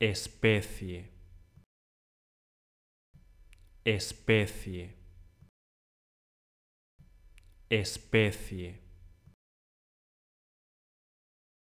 especie, especie, especie.